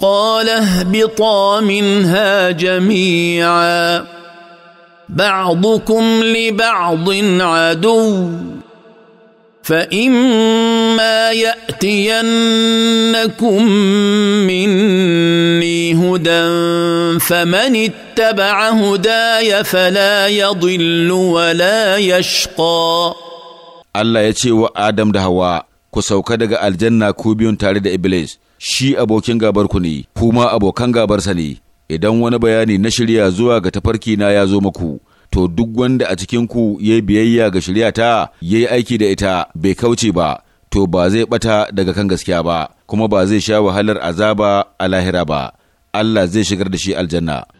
قال اهبطا منها جميعا بعضكم لبعض عدو فإما يأتينكم مني هدى فمن اتبع هداي فلا يضل ولا يشقى الله يتي وآدم دهوا ku sauka daga aljanna ko biyun tare da Iblis, shi abokin gabar ku ne, kuma abokan gabarsa ne, idan wani bayani na shirya zuwa ga tafarki na ya zo maku to duk wanda a cikinku ya yi biyayya ga shirya ta ya yi aiki da ita bai kauce ba, to ba zai ɓata daga kan gaskiya ba, kuma ba zai sha wahalar azaba a lahira ba, Allah zai shigar da shi aljanna.